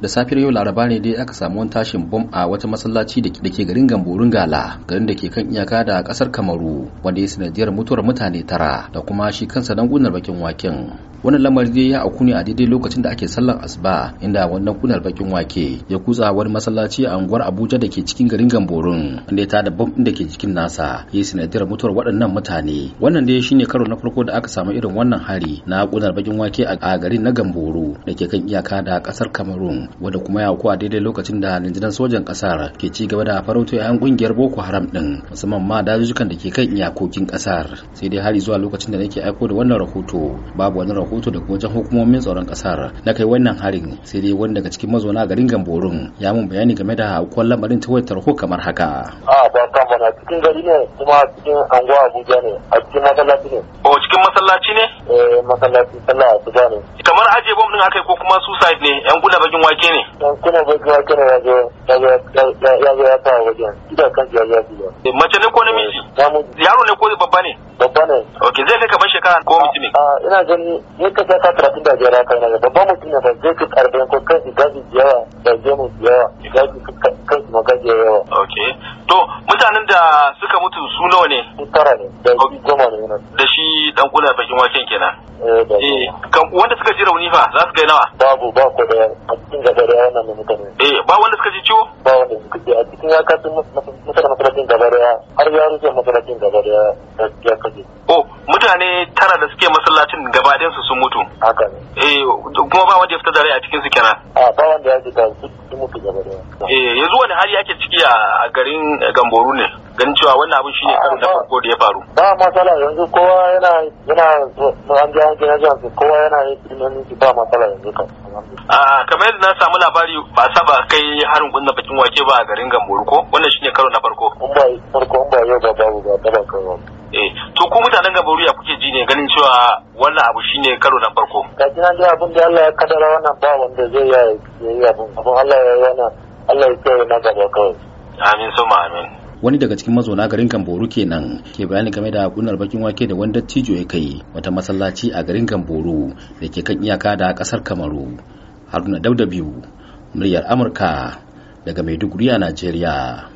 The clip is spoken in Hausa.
da safiyar yau laraba ne dai aka samu wani tashin bom a wata masallaci da ke garin gamborin gala garin da ke kan iyaka da kasar kamaru wanda ya sanadiyar mutuwar mutane tara da kuma shi kansa dan gunar bakin waken wannan lamarin dai ya a ne a daidai lokacin da ake sallar asuba inda wannan kunar bakin wake ya kutsa wani masallaci a unguwar abuja da ke cikin garin gamborun inda ya tada din da ke jikin nasa ya sanadiyar mutuwar waɗannan mutane wannan dai shine karo na farko da aka samu irin wannan hari na kunar bakin wake a garin na gamboru da ke kan iyaka da kasar cameroon wanda kuma ya a daidai lokacin da rundunar sojan kasar ke ci gaba da farauto 'yan kungiyar boko haram din musamman ma dajujukan da ke kan iyakokin kasar sai dai hari zuwa lokacin da nake aiko da wannan rahoto babu wani Sokoto da wajen hukumomin tsaron kasar na kai wannan harin sai dai wani daga cikin mazauna garin gamborun ya mun bayani game da aukuwar lamarin ta wayar tarho kamar haka a ba kan bana cikin gari ne kuma cikin anguwa abuja ne a cikin masallaci ne o oh, cikin masallaci ne eh masallaci sallah abuja ne kamar aje bom din akai ko kuma suicide ne yan kuna bakin wake ne yan kuna bakin wake ne yaje yaje ya ta waje ida kan ya ya ya eh, mace ne ko namiji eh, yaro ne ko babba ne babba ne okay zai kai kamar shekara ko ah, mutum ne ah, ina gani ne ka ta talatin da jira kai ne babba mutum ne ba zai ka karbe ko kan gaji yawa da jemu yawa gaji kan magaji yawa okay to nawa ne tara ne da shi goma ne da shi dan kula bakin waken kenan eh, eh wanda suka ji rauni fa za su kai nawa babu ba ko da a cikin gaba da nan mutane eh ba wanda suka ji ciwo ba wanda suka ji a cikin ya kasu mutane masallacin gaba da har ya rufe masallacin gaba da ya kaje oh mutane tara da suke masallacin gaba ɗayan su sun mutu haka ne eh kuma ba wanda ya fita da rai a cikin su kenan a ba wanda ya fita su mutu gaba da eh yanzu wani hali ake ciki a garin Gamboru ne ganin cewa wannan abin shine karo na farko da ya faru ba matsala yanzu kowa yana yana an ji an ji an ji kowa yana yin ba matsala yanzu kan a kamar yadda na samu labari ba saba kai harin kunna bakin wake ba a garin Gamboru ko wannan shine karo na farko in ba farko in ba yau ba babu ba ba eh to ko mutanen gabaru ya kuke ji ne ganin cewa wannan abu shine karo na farko ji nan da abin da Allah ya kaddara wannan ba wanda zai ya yi abin abin Allah ya yana Allah ya kai na gaba kawai amin suma amin wani daga cikin mazauna garin Gamboru kenan ke bayani game da kunar bakin wake da wani dattijo ya kai wata masallaci a garin Gamboru da ke kan iyaka da kasar Kamaru Haruna Dauda biyu muryar Amurka daga Maiduguri a Najeriya